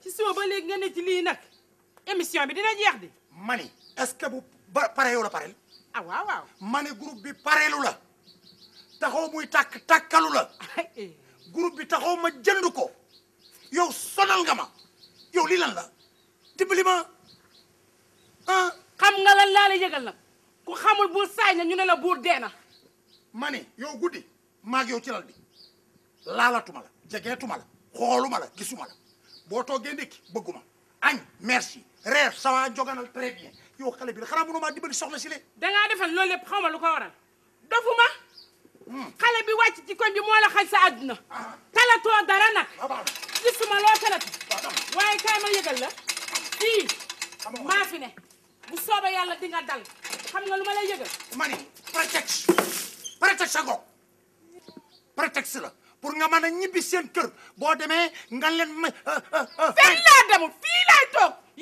ci suba ba léegi nga ne ci lii nag émission bi dina jeex di mani est que bu ba pareelu la pareel ah waaw waaw mani groupe bi pareelu la taxaw muy tàkk tàkkalu la eh. groupe bi taxaw ma jënd ko yow sonal nga ma yow lii lan la dimbali ma ah xam nga la laa la yëgal nag ku xamul buur saay na ñu ne la buur dee na mani yow guddi maag yow ci lal bi laalatuma la jegeetuma la xooluma la gisuma la boo toogee ndékki bëgguma merci reer sawa joganal très bien yow xale bi xanaa mënuma dimbali soxna si le dangaa defal loolu lépp xaw ma lu ko waral dofuma hmm. xale bi wàcc ci koñ bi moo la xaj sa àdduna ah. talatoo dara nag ah, gisuma loo talati ah, waaye kaay ma yëgal la fii maa fi ne bu sooba yàlla di nga dal xam nga lu ma lay yëgal ma ni prétexte prétexte a ngoog la pour nga mën a seen kër boo demee nga leen ma. Euh, euh, euh, fenn laa demul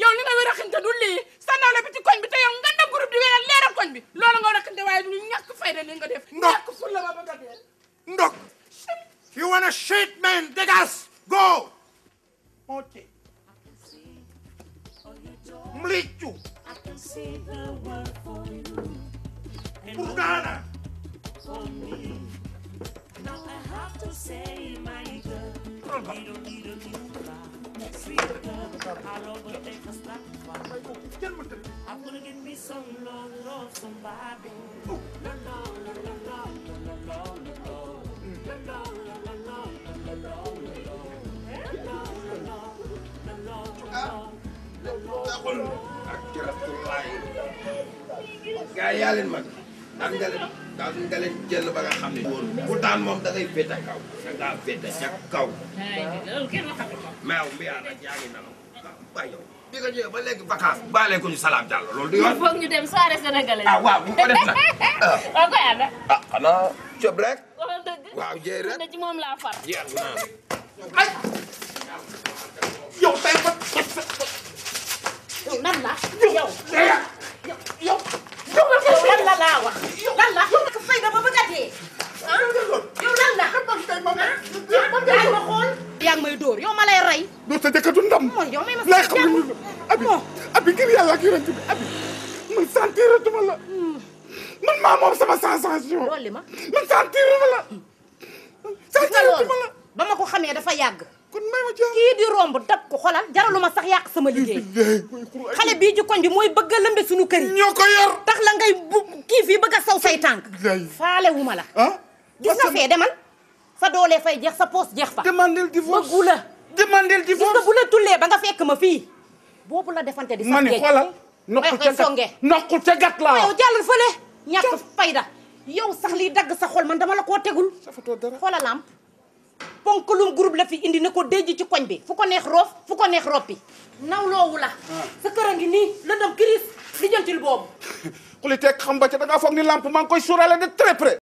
yow li nga war a xinte du lii sànnaa la bi te yow nga dem groupe di wéyal leeral koñ bi loolu nga war a xinte waaye du ñàkk fayda li nga def. ndok ñàkk ful la ba bëgg a dee. go. I'm gonna get me some love, love, somebody. mèo ta veta cha kaw mais mbi ala yaa ngi nalaw bayo bi nga ñëwee ba léegi vacance baale ko ñu salaam jàll loolu di yoon foog ñu dem soirée sénégalaise ah waaw bu ko def nag waaw koy ànd ah xanaa cob rek waxal dëgg waaw jéy rek ci moom laa far jeex naa ay yow tey ba yow nan la yow yow yow lan la laa wax yaay ma xool yaa ngi may dóor yow ma lay rey doo sa jëkkatu ndam man la man maa sama sensation loolu ma man sentiratuma la sentiratuma la ba ma ko xamee dafa yàgg kon may ma jàll kii di romb dab sax yàq sama liggéey xale bii ci koñ mooy bëgg a lëmbe suñu kër yi tax la ngay bu kii fii bëgg a saw say tànk faale wu la ah? gis na demal sa doole fay jeex sa poos jeex fa. demandel divorce bëggu la. demandel divorce gis nga bu la tullee ba nga fekk ma fii. boobu la defante di. sax géej ma ni xoolal. nokku ca gat nokku ca gat laa. yow jàllal fële. ñàkk fayda yow sax liy dagg sa xol man dama la koo tegul. safatoo dara xoolal am. ponkalum groupe la fi indi na ko denc ci koñ bi fu ko neex roof fu ko neex roppi. nawloowu la. Ah. sa kër a ngi nii lëndëm kiris li jëntil boobu. xuli teg xam ba ca da ngaa foog ni lamp maa koy suurale de très près.